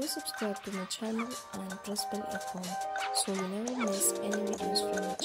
Do subscribe to my channel and press bell icon so you never miss any videos from my channel.